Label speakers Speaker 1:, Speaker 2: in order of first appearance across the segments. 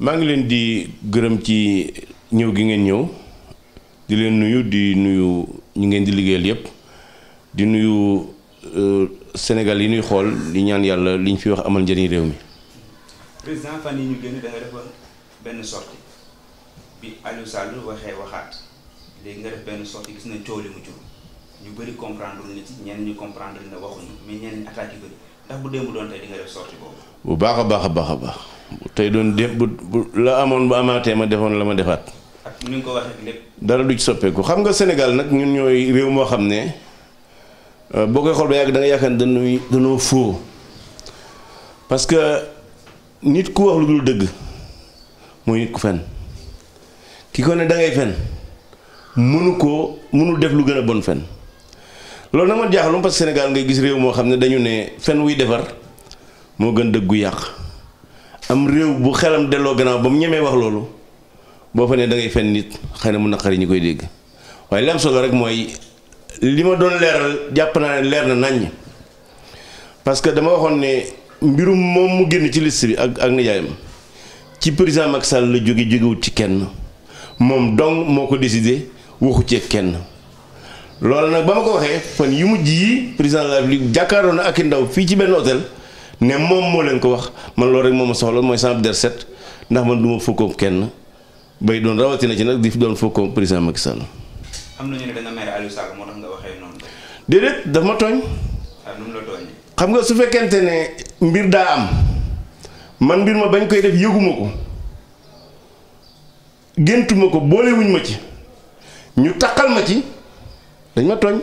Speaker 1: maa ngi leen di gërëm ci ñëw gi ngeen ñëw di leen nuyu di nuyu ñu ngeen di liggéeyal yépp di nuyu euh, senegal yi nuy xool li ñaan yàlla liñ fi wax amal njëriñ réew mi.
Speaker 2: président fan yi ñu génn da def benn sortie bi Aliou waxee waxaat léegi nga def benn sortie gis na coow li mu jur ñu bëri comprendre nit ñenn ñu comprendre ne waxuñu mais ñenn attaques yu bëri. bu démb doon
Speaker 1: bu baax a baax a baax a baax tey doon dé bu la amoon bu amaatee ma defoon la ma defaat.
Speaker 2: ak ni ko waxee lépp.
Speaker 1: dara du ci soppeeku xam nga senegal nag ñun ñooy réew moo xam ne euh, boo koy xool ba yàgg da nga yaakaar ne dañuy dañoo foo parce que nit ku wax lu dul dëgg mooy nit ku fen ki ko ne da ngay fen mënu koo mënu def lu gën a bon fen. loolu nag man jaaxalum parce que Sénégal ngay gis réew moo xam ne dañu ne fen wuy defar moo gën dëggu yàq am réew bu xelam delloo gannaaw ba mu ñemee wax loolu boo fa ne da ngay fen nit xëy na mu naqari ñu koy dégg waaye li am solo rek mooy li ma doon leeral jàpp naa ne leer na naññ parce que dama waxoon ne mbirum moom mu génn ci liste bi ak ak nijaayam ci président Macky Sall la jóge jógewut ci kenn moom dong moo ko décidé waxu ci kenn. loolu nag ba ma ko waxee fan yu mujj yi président de la République jàkkaarloo na ak i ndaw fii ci benn hôtel ne moom moo leen ko wax man loolu rek moo ma soxla mooy sama der set ndax ma du ma fukkoom kenn bay doon rawatina ci nag di doon fukkoom président Macky
Speaker 2: am na ñu ne da nga mere Aliou moo tax nga waxee
Speaker 1: noonu. déedéet daf ma tooñ. Ah, xam nga su fekkente ne mbir daa am man mbir ma bañ koy def yëguma ko géntuma ko boolewuñ ma ci ñu taqal ma ci. dañ ma tooñ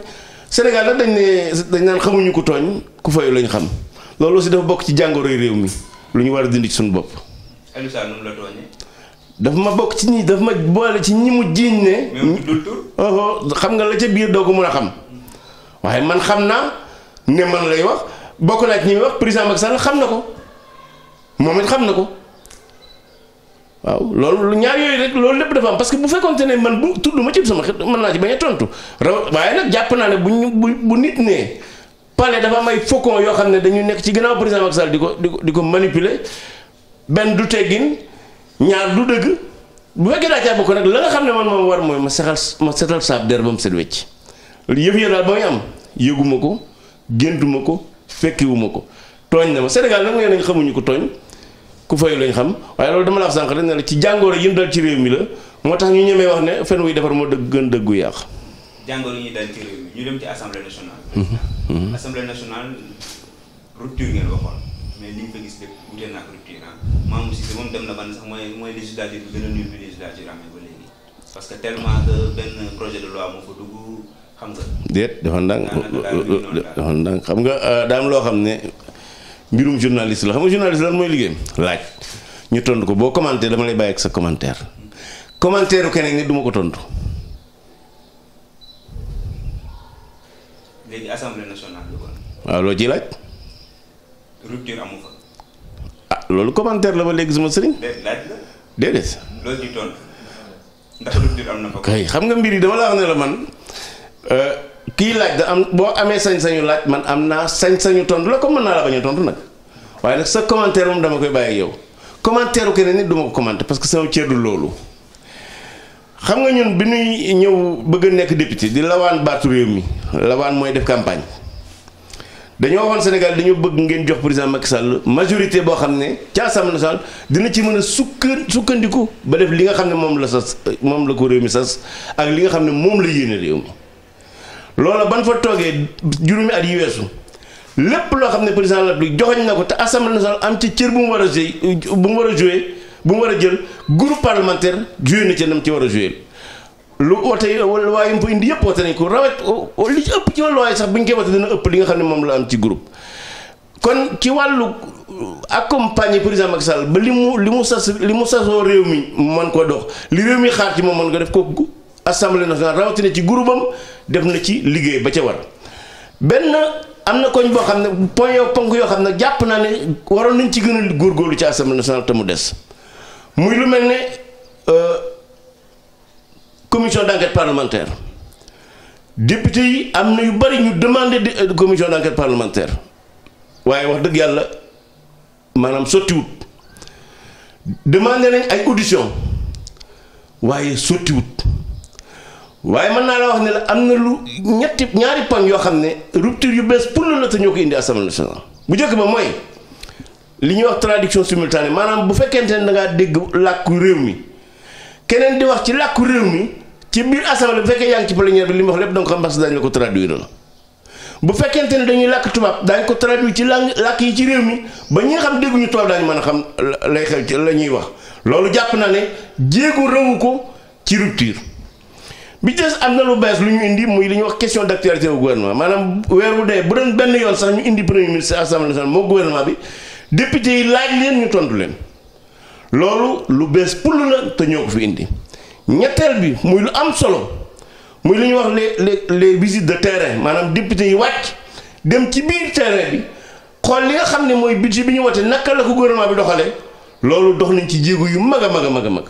Speaker 1: Sénégal nag dañ ne dañ naan xamuñu ko tooñ ku fayu lañ xam loolu aussi dafa bokk ci jàngoroy réew mi lu ñu war a dindi ci suñu bopp. Aliou la tooñee. dafa ma bokk ci ñi dafa ma boole ci ñi mu jiiñ ne. xam nga la ca biir doo ko mën a xam. waaye man xam naa ne man lay wax bokk naa ci ñi wax président Macky Sall xam na ko moom it xam na ko. waaw loolu ñaar yooyu rek loolu lépp dafa am parce que bu fekkonte ne man bu tudd ma ci sama xel a tontu raw waaye nag jàpp naa bu ñu bu bu nit ne palais dafa may ay yoo xam ne dañu nekk ci ginnaaw président Macky Sall di ko di ko di ko manipuler benn du teggin ñaar du dëgg bu fekkee daa caa bokk nag la nga xam ne man moom war mooy ma sexal ma setal saab der ba mu set wecc yëf ya daal ba muy am yëguma ko géntuma ko fekkiwuma ko tooñ na ma Sénégal nag nee nañ xamuñu ko tooñ ku fayu lañ xam waaye loolu dama la wax sànq rek ne la ci jàngoro yi mu dal ci réew mi la moo tax ñu ñemee wax ne fen wuy defar moo dëgg gën mhm. Mhm. li
Speaker 2: ñu fa gis lépp wute naa ko rupture ah Mamour Cissé moom dem na ban sax mooy mooy législature a nuyu bi législature amee ba léegi parce que tellement que benn projet de
Speaker 1: ndànk dafa ndànk xam nga euh, daam loo xam ne. mbirum journaliste la xam nga journaliste lan mooy liggéeyam laaj ñu tontu ko boo commenté dama lay bàyyi ak sa commentaire commentaire u ko tontu. léegi assemblée waaw loo ciy laaj. ah loolu commentaire la ba léegi sama sëriñ. déedéet.
Speaker 2: loolu na kay
Speaker 1: xam nga mbir yi dama la wax ne la man. Euh, kii laaj da am boo amee sañ-sañu laaj man am naa sañ-sañu ton la ko mën naa la bañ a tontu nag waaye nag sa commentaire moom dama koy bàyyi yow commentaire u keneen nit du ma ko commenté parce que loolu xam nga ñun bi ñuy ñëw bëgg nekk député di lawaan baatu réew mi lawaan def campagne dañoo waxoon Sénégal dañu bëgg ngeen jox président Macky Sall majorité boo xam ne ci assemblée nationale dina ci mën a sukkan sukkandiku ba li nga xam ne moom la sas moom la ko mi sas ak li nga xam ne moom la yéene réew mi loola ban fa toogee juróomi at yi weesu lépp loo xam ne président la République joxoñ na ko te assemblée nationale am ci cër bu mu war a joué bu mu war a joué bu mu war a jël group parlementaire joué na ca nam ci war a joué lu wote loi yi mu fa indi yëpp wote nañ ko rawat li ci ëpp ci wàllu loi sax bu ñu koy wote dina ëpp li nga ne moom la am ci kon ci wàllu accompagner président Macky Sall ba li mu li mu sas li mu sasoo réew mi man koo dox li réew mi xaar ci moom mën ko def kooku assemblée nationale rawatina ci groupe am def na ci liggéey ba ca war benn am na koñ boo xam ne point ponk yoo xam ne jàpp naa ne waroon nañ ci gën a góorgóorlu ci assemblée nationale te mu des muy lu mel ne euh, commission d'enquête parlementaire député yi am na yu bari ñu demandé de euh, commission d'enquête parlementaire waaye wax dëgg yàlla maanaam sottiwut demandé nañ ay audition waaye sottiwut waaye mën naa la wax ne la am na lu ñetti ñaari poñ yoo xam ne rupture yu bees pour la te ñoo ko indi assemblée nationale bu njëkk ba mooy li ñuy wax traduction simultanée maanaam bu fekkente ne da dégg làkku réew mi keneen di wax ci làkk réew mi ci biir assemblée bu fekkee yaa ngi ci plénière bi li mu wax lépp da nga ko xam la ko traduire la bu fekkente ne dañuy làkk tubaab daañ ko traduire ci làng làkk yi ci réew mi ba ñi nga xam dégguñu tubaab daañ mën a xam lay xew ci la ñuy wax loolu jàpp naa ne jéego rëwu ko ci rupture. bi des am na lu bees lu ñu indi muy li ñuy wax question d' actualité au gouvernement maanaam weer wu dee bu doon benn yoon sax ñu indi premier ministre assemblée nationale moo gouvernement bi député yi laaj leen ñu tontu leen loolu lu bees pour la te ñëw ko fi indi ñetteel bi muy lu am solo muy li ñuy wax les les les visites de terrain maanaam député yi wàcc dem ci biir terrain bi xool li nga xam ne mooy budget bi ñu wote naka la ko gouvernement bi doxalee loolu dox nañ ci jéego yu mag a mag a mag a mag.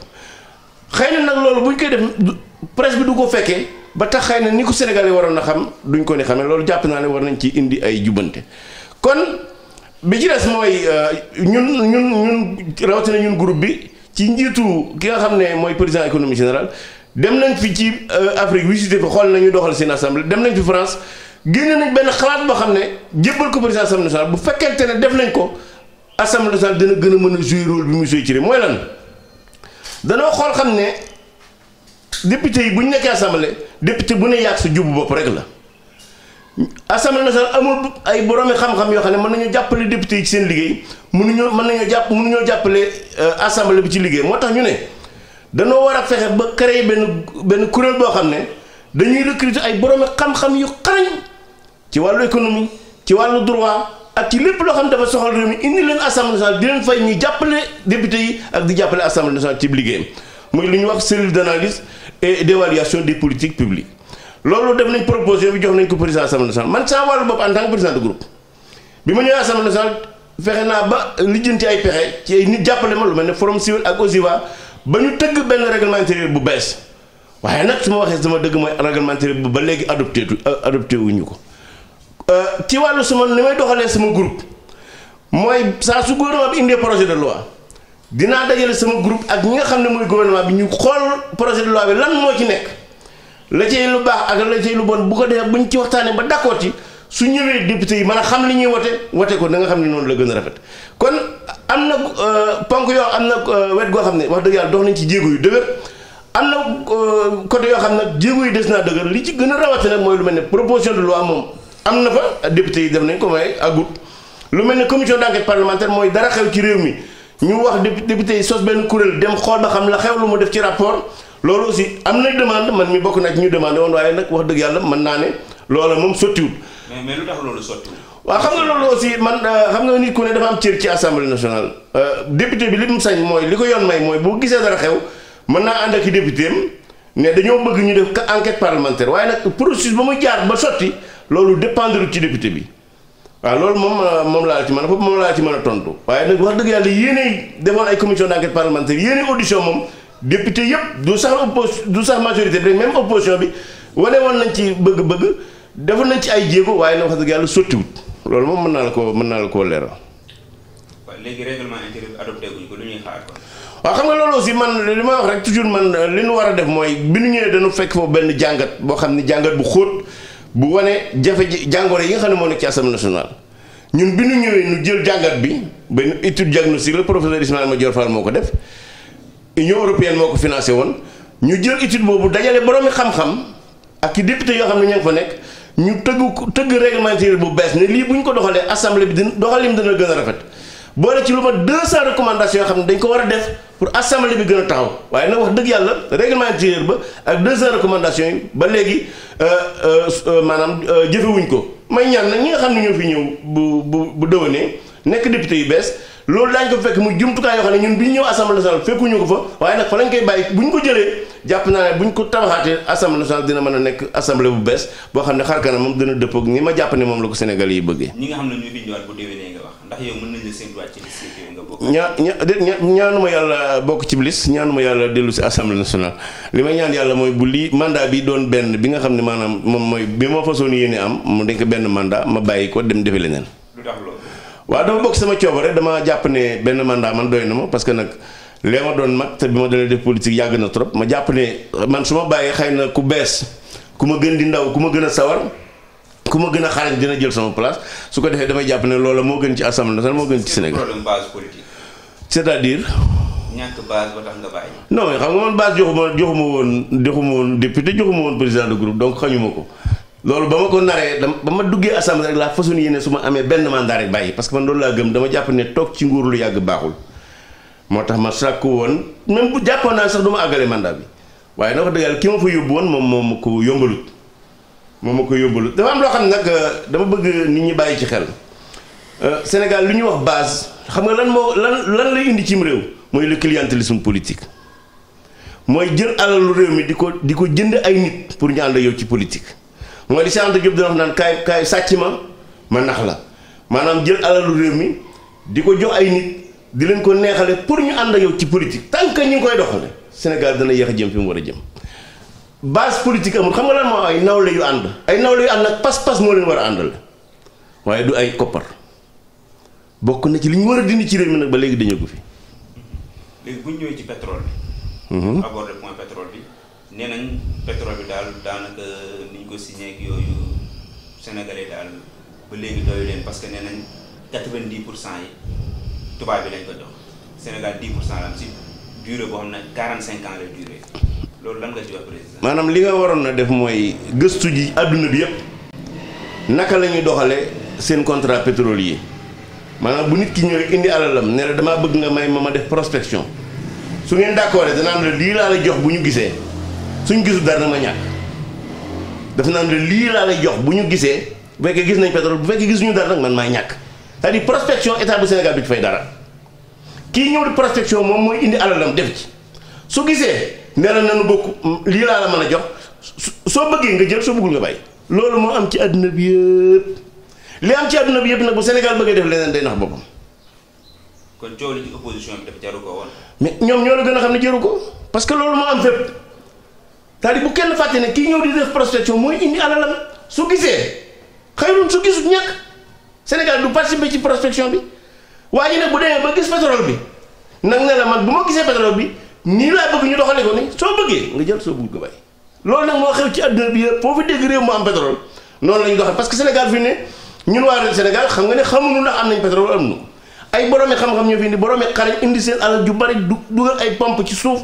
Speaker 1: xëy na nag loolu buñ koy def presque bi du ko fekkee ba tax xëy na ni ko Sénégal yi waroon na xam duñ ko ni xamee loolu jàpp naa ne war nañ ci indi ay jubbante kon bi ci des mooy euh, ñun ñun ñun rawatina ñun groupe bi ci njiitu ki nga xam ne mooy président économie général dem nañ fi ci euh, Afrique visité fi xool nañu doxal seen assemblée dem nañ fi France génne nañ benn xalaat boo xam ne jébbal ko président assemblée nationale bu fekkente ne def nañ ko assemblée nationale dina gën a mën a jouer rôle bi muy jouer mooy lan. danoo xool xam ne député yi bu ñu nekkee assemblée député bu ne yàgg sa jubbu bopp rek la assemblée nationale amul ay boroomi xam-xam yoo xam ne mën nañoo jàppale député yi ci seen liggéey mënuñoo mën nañoo jàpp mënuñoo jàppale euh, assemblée bi ci liggéey moo tax ñu ne danoo war a fexe ba créer benn benn kuréel boo xam ne dañuy recruter ay boroomi xam-xam yu xarañ ci wàllu économie ci wàllu droit. ak ci lépp loo xam dafa soxal réew mi indi leen assemblée nationale di leen fay ñuy jàppale député yi ak di jàppale assemblée nationale ci liggéeyam muy lu ñu wax cellule d' analyse et d' évaluation des politiques publiques loolu def nañ proposé bi jox nañ ko président assemblée nationale man saa wàllu bopp en tant que président de bi ma ñëwee assemblée nationale fexe naa ba lijjanti ay pexe ci ay nit jàppale ma lu mel ne forum civil ak OSIVA ba ñu tëgg benn règlement intérieur bu bees waaye nag su ma waxee sama dëgg mooy règlement intérieur bu ba léegi adopté euh, adopté wuñu ko. Euh, ci wàllu suma li may doxalee sama group mooy saa su gouvernement bi indee projet de loi dinaa dajale sama groupe ak ñi nga xam ne mooy gouvernement bi ñu xool projet de loi bi lan moo ci nekk la cay lu baax ak la cay lu bon bu ko defee ñu ci waxtaanee ba d'accord yi su ñëwee député yi mën a xam li ñuy wote wote ko da nga xam ne noonu la gën a rafet kon am na euh, ponk yoo am na euh, wet goo xam ne wax dëgg yàlla dox nañ ci jéego yu dëgër am na côté yoo xa ne jéego yu des naa dëgër li ci gën a rawatina mooy lu mel ne proposition de loi moom. am na fa député yi def nañ ko may agut lu mel ne commission d'enquête parlementaire mooy dara xew ci réew mi ñu wax député yi sos benn kuréel dem xool ba xam la xew lu ma def ci rapport loolu aussi am na demande man mi bokk na ci ñu demande woon waaye nag wax dëgg yàlla mën naa ne loola moom sottiwut.
Speaker 2: mais mais lu tax loolu sottiwut.
Speaker 1: waaw xam nga loolu aussi man euh, xam nga nit ku ne dafa am cër ci assemblée nationale euh, député bi li mu sañ mooy li ko yoon may mooy bu gisee dara xew mën naa ànd ak i député am ne dañoo bëgg ñu def enquête parlementaire waaye nag processus ba muy jaar ba sotti loolu dépendre ci député bi waaw loolu moom euh, moom laa ci mën a foofu moom laa ci mën a tontu. waaye nag wax dëgg yàlla yéenay demoon ay commission d' enquête parlementaire yéenay audition moom député yëpp du sax oppos du sax majorité bi rek même bi wane woon nañ ci bëgg-bëgg defoon nañ ci ay jéego waaye nag wax dëgg yàlla sottiwut loolu moom mën naa la ko mën naa la koo leeral.
Speaker 2: léegi règlement intérieur adopté guñ
Speaker 1: xam nga looloo si man li ma wax rek toujours man li ñu war a def mooy bi ñu ñëwee dañu fekk foofu benn jàngat boo xam ne jàngat bu xóot bu wane jafe jàngoor yi nga xam ne moo nekk ci assemblée nationale ñun bi ñu ñëwee nu jël jàngat bi benn étude diagnostique la professeur Ismaïla Madior Fall moo ko def union européenne moo ko financé woon ñu jël étude boobu dajale boroomi xam-xam ak i député yoo xam ne ña ngi fa nekk ñu tëgg tëgg réglementaire bu bees ne lii bu ñu ko doxalee assemblée bi dina doxalim dina gën rafet boole ci lu ma 200 recommandations yoo xam ne dañ ko war a def pour assemblée bi gën a taxaw waaye nag wax dëgg yàlla règlement intérieur ba ak 200 recommandations yi ba léegi euh, euh, euh, maanaam jëfewuñ ko may ñaan nag ñi nga xam ne ñoo fi ñëw bu bu bu dëwënee nekk député yu bees. loolu daañu ko fekk mu jumtukaay yoo xam ne ñun bi ñu ñëw assemblée nationale fekkuñu ko fa waaye nag fa lañ koy bàyyi bu ñu ko jëlee jàpp naa ne bu ñu ko tabaxaatee assemblée nationale dina mën a nekk bu bees boo xam ne xarkanam moom dina dëppoo ak ni ma jàpp ne moom la ko Sénégal yi bëggee.
Speaker 2: ñi nga xam ne ñoo fi ñëwaat bu déwénee
Speaker 1: nga bokk. ñaa ña ñaanuma yàlla bokk ci liste ñaanuma yàlla dellu si assemblée nationale li ma ñaan yàlla mooy bu lii mandat bi doon benn bi nga xam ne maanaam moom mooy bi ma façon yéene am mu nekk benn mandat ma bàyyi ko dem defe leneen waaw dafa bokk sama rek dama jàpp ne benn mandat man doy na ma parce que nag lee ma doon mag te bi ma dalee def politique yàgg na trop ma jàpp ne man su ma bàyyee xëy na ku bees ku ma gën di ndaw ku ma gën a sawar ku ma gën a xarañ dina jël sama place su ko defee damay jàpp ne loola moo gën ci assemblée nationale moo gën ci Sénégal c'est-à-dire.
Speaker 2: ñàkk base ba tax nga bàyyi.
Speaker 1: non mais xam nga man base joxuma joxuma woon joxuma woon député joxuma woon président de groupe donc xañuma ko loolu ba ma ko naree dama ba ma duggee assemblée rek laa façon yéene su ma amee benn mandat rek bàyyi parce que man loolu laa gëm dama jàpp ne toog ci nguur lu yàgg baaxul moo tax ma sàkku woon même bu jàppoon naa sax du ma àggale mandat bi na wax yàlla ki ma fa yóbbu woon moom moo ma ko yombalut moom ma ko yombalut dafa am loo xam ne nag euh, dama bëgg nit ñi bàyyi ci xel euh, Sénégal li ñuy wax baas xam nga lan moo lan lan lay indi cim réew mooy le clientélisme politique mooy jël alalu réew mi di ko di ko jënd ay nit pour ñu ànd yow ci politique mooy li si ànd gépp dina wax naan kaay kaay sàcc ma ma nax la maanaam jël alalu réew mi di ko jox ay nit di leen ko neexale pour ñu ànd ak yow ci politique tant que ñu ngi koy doxale Sénégal dana yéex a jëm fi mu war a jëm base politique amul xam nga lan moo ay nawle yu ànd ay nawle yu ànd nag pas-pas moo leen war a àndal waaye du ay koppar bokk na ci li ñu war a dindi ci réew mi nag ba léegi dañoo ko fi.
Speaker 2: bu ñëwee ci pétrole bi. Mhm. aborder point nee nañ pétrole bi daal daanaka ni ñu ko signé yooyu sénégalais daal ba léegi doyu leen parce que nee nañ quatre vingt pour cent yi tubaab bi lañ ko jox Sénégal dix pour cent la am si durée boo xam ne quarante cinq ans la loolu lan nga
Speaker 1: maanaam li nga waroon na def mooy gëstu ji àdduna bi yëpp naka la ñuy doxalee seen contrat yi maanaam bu nit ki ñëwee indi alalam ne la damaa bëgg nga may ma ma def prospection su ngeen d' accord danaan la lii laa la jox bu ñu gisee. suñ gisul dara dama ñàkk daf naan la lii laa lay jox bu ñu gisee bu fekkee gis nañ pétrole bu fekkee ñu dara nag man maa ñàkk c'est-à-dire prospection état bu Sénégal du ci fay dara kii ñëw di prospection moom mooy indi alalam def ci su gisee nee na nu bokk lii laa la mën a jox soo bëggee nga jël soo bëggul nga bàyyi. loolu moo am ci àdduna bi yëpp li am ci àdduna bi yëpp nag bu Sénégal bëggee def leneen day nax boppam.
Speaker 2: kon coow li ko
Speaker 1: ñoom ñoo la gën a xam ne taali bu kenn fàtte ne kii ñëw di def prospection mooy indi alalam su gisee xëy xëyul su gisut ñàkk Sénégal du participer ci prospection bi waaye nag bu demee ba gis bi nag ne man bu ma gisee pétrole bi nii laa bëgg ñu doxalee ko ni soo bëggee nga jël loolu nag moo xew ci adduna bi yëpp foo fi dégg réew mu am pétrole noonu la ñu parce que Sénégal fi ne ñun waa réew Sénégal xam nga ne xamuñu ndax am nañ pétrole am nu ay boroomi xam-xam ñoo fi indi boroomi xarañ indi seen alal ju bari du ay pompe ci suuf.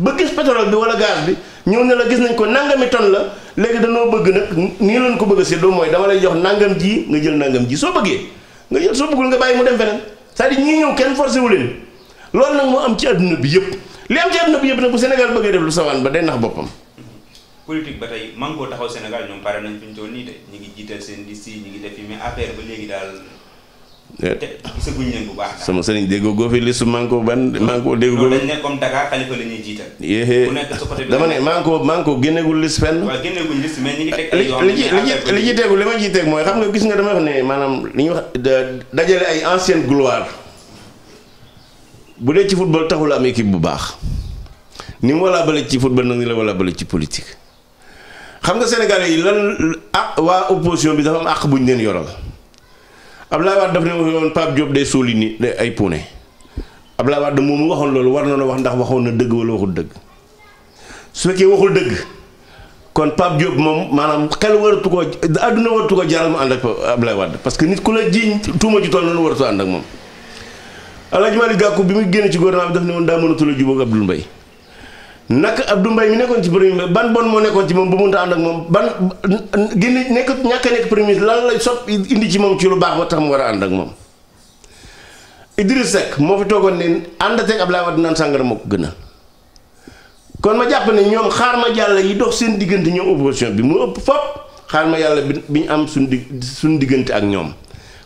Speaker 1: ba gis pétrole bi wala gaz bi ñëw ne la gis nañ ko nangami ton la léegi danoo bëgg nag nii lañ ko bëgg a séddoo mooy dama lay jox nangam ji nga jël nangam ji soo bëggee nga jël soo bëggul nga bàyyi mu dem feneen cest à ñu ñëw kenn forcé wu leen loolu nag moo am ci àdduna bi yëpp li am ci àdduna bi yëpp nag bu Sénégal bëggee def lu sawaan ba day nax boppam.
Speaker 2: politique ba tey man koo taxaw Sénégal ñoom pare nañ fi ñu toll nii de ñu ngi jiital seen liste yi ñu ba léegi daal Eh. gisaguñ leen bu
Speaker 1: sama sëriñ déggoo goo fi listu ban manko dégg goo dañ ne comme
Speaker 2: Dakar dama ne
Speaker 1: manko manko génneegul liste fenn waaw
Speaker 2: génneeguñ liste li ci li
Speaker 1: ci teegu li ma ciy teg mooy xam nga gis nga dama wax ne maanaam li ñuy wax dajale ay ancienne gloire bu dee ci football taxul am équipe bu baax ni mu walaa bale ci football nag ni la walaa bale ci politique xam nga Sénégalais yi lan ah waa opposition bi dafa am àq buñ leen yoral Abdoulaye Wade daf ne woon Pape Diop day suul ni ay puune Abdoulaye Wade moom mu waxoon loolu war na la wax ndax waxoon na dëgg wala waxul dëgg su fekkee waxul dëgg kon Pape Diop moom maanaam xel waratu ko àdduna waratu ko jaar mu ànd ak Abdoulaye Wade que nit ku la jiiñ tuuma ji toll noonu waratu ànd ak moom. Alaaji Malick Gakou bi mu génn ci gouvernement bi daf ne woon daa mënatul a jubóog Abdoul Mbaye naka Abdou Mbaye mi nekkoon ci premier ban bon moo nekkoon ci moom ba mënta ànd ak moom ban génn nekk ñàkk a nekk premier lan lay sopp indi ci moom ci lu baax ba tax mu war a ànd ak moom Idriss Seck moo fi toogoon ne ànd ak Abdoulaye naan sàngara moo ko gën a kon ma jàpp ne ñoom xaar ma yàlla yi dox seen diggante ñoom opposition bi mu ëpp fop xaar ma yàlla bi bi ñu am suñ di suñ diggante ak ñoom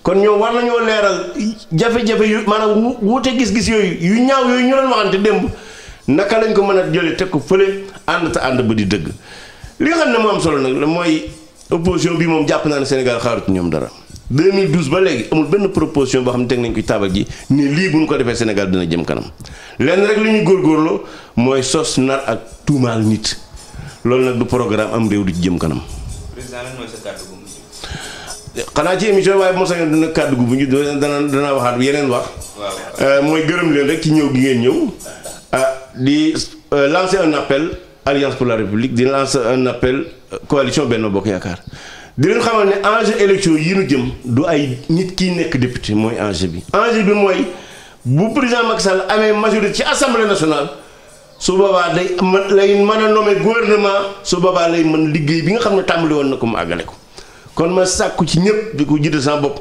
Speaker 1: kon ñoom war nañoo leeral jafe-jafe yu maanaam wuute gis-gis yooyu yu ñaaw yooyu ñu doon waxante démb naka lañ ko mën a jëlee teg ko fële ànd te ànd ba di dëgg li nga xam ne moo am solo nag la mooy opposition bi moom jàpp naa ne Sénégal xaarut ñoom dara 2012 ba léegi amul benn proposition boo xam ne teg nañ koy ci taabal ji ne lii bu ñu ko defee Sénégal dina jëm kanam lenn rek li ñuy góorgóorloo mooy sos nar ak tuumaal nit loolu nag du programme am réew di ci jëm kanam.
Speaker 2: président lan mooy sa kàddu gu mujj.
Speaker 1: xanaa ci émission waaye bu ma sañoon dina kàddu gu mujj dana dana waxaat yeneen wax. Euh, mooy gërëm leen rek ci ñëw gi ngeen ñëw. di euh, lancer un appel Alliance pour la République di lancer un appel euh, coalition Benno Bokk Yaakaar di leen xamal ne enjeu élection yi nu jëm du ay nit kiy nekk député mooy enjeu bi. enjeu bi mooy bu président Macky Sall amee majorité ci assemblée nationale su boobaa day lay mën a nommer gouvernement su boobaa lay mën liggéey bi nga xam ne tàmbali woon na ko mu àggale ko kon ma sàkku ci ñëpp di ko jiite sa bopp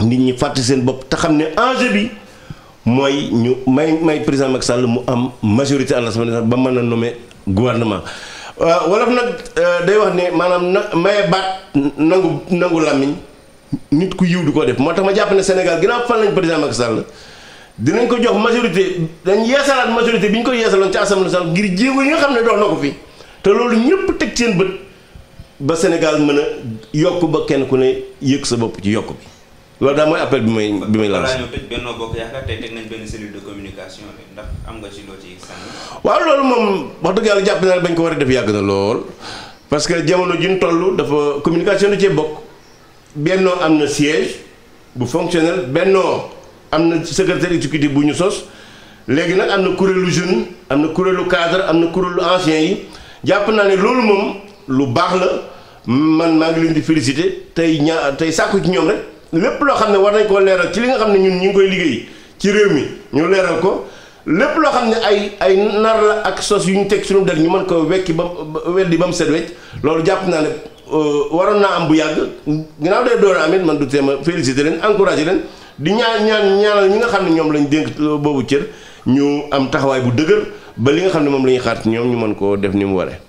Speaker 1: nit ñi fàtte seen bopp te xam ne enjeu bi. mooy ñu may may président Macky Sall mu am majorité à l'Assemblée nationale ba mën nome a nommer gouvernement euh, wolof nag euh, day wax ne maanaam na maye baat nangu nangu làmmiñ nit ku yiw du ko def moo tax ma jàpp ne Sénégal ginnaaw fan lañ président Macky Sall dinañ ko jox majorité dañ yeesalaat majorité bi ñu ko yeesaloon ci Assemblée nationale ngir jéego yi nga xam ne dox na ko te loolu ñëpp teg seen bët ba Sénégal mën a yokk ba kenn ku ne yëg sa bopp ci yokk bi loolu daal mooy appel bi may bi may lancé.
Speaker 2: Benno Bokk Yaakaar tey teg nañ benn am nga ci loo ci sànni.
Speaker 1: waaw loolu moom wax dëgg yàlla jàpp naa bañ ko war a def yàgg na lool parce que jamono juñ toll dafa communication da cee bokk Benno am na siège bu fonctionnel bennoo am na secrétaire exécutif bu ñu sos léegi nag am na kuréelu jeune am na kuréelu cadre am na kuréelu ancien yi jàpp naa ne loolu moom lu baax la man maa ngi leen di féliciter tey ñaa tey sàkku ci ñoom rek. lépp loo xam ne war nañ koo leeral ci li nga xam ne ñun ñu ngi koy liggéey ci réew mi ñu leeral ko lépp loo xam ne ay ay nar la ak sos yu ñu teg suñu del ñu mën ko wekki ba weddi ba mu set wecc loolu jàpp naa ne euh, waroon naa am bu yàgg ginnaaw dee door amit man du teema félicité leen encouragé leen di ñaan ñaan ñaanal ñi nga xam ne ñoom lañ dénk euh, boobu cër ñu am taxawaay bu dëgër ba li nga xam ne moom la ñuy xaar ci ñoom ñu mën koo def ni mu waree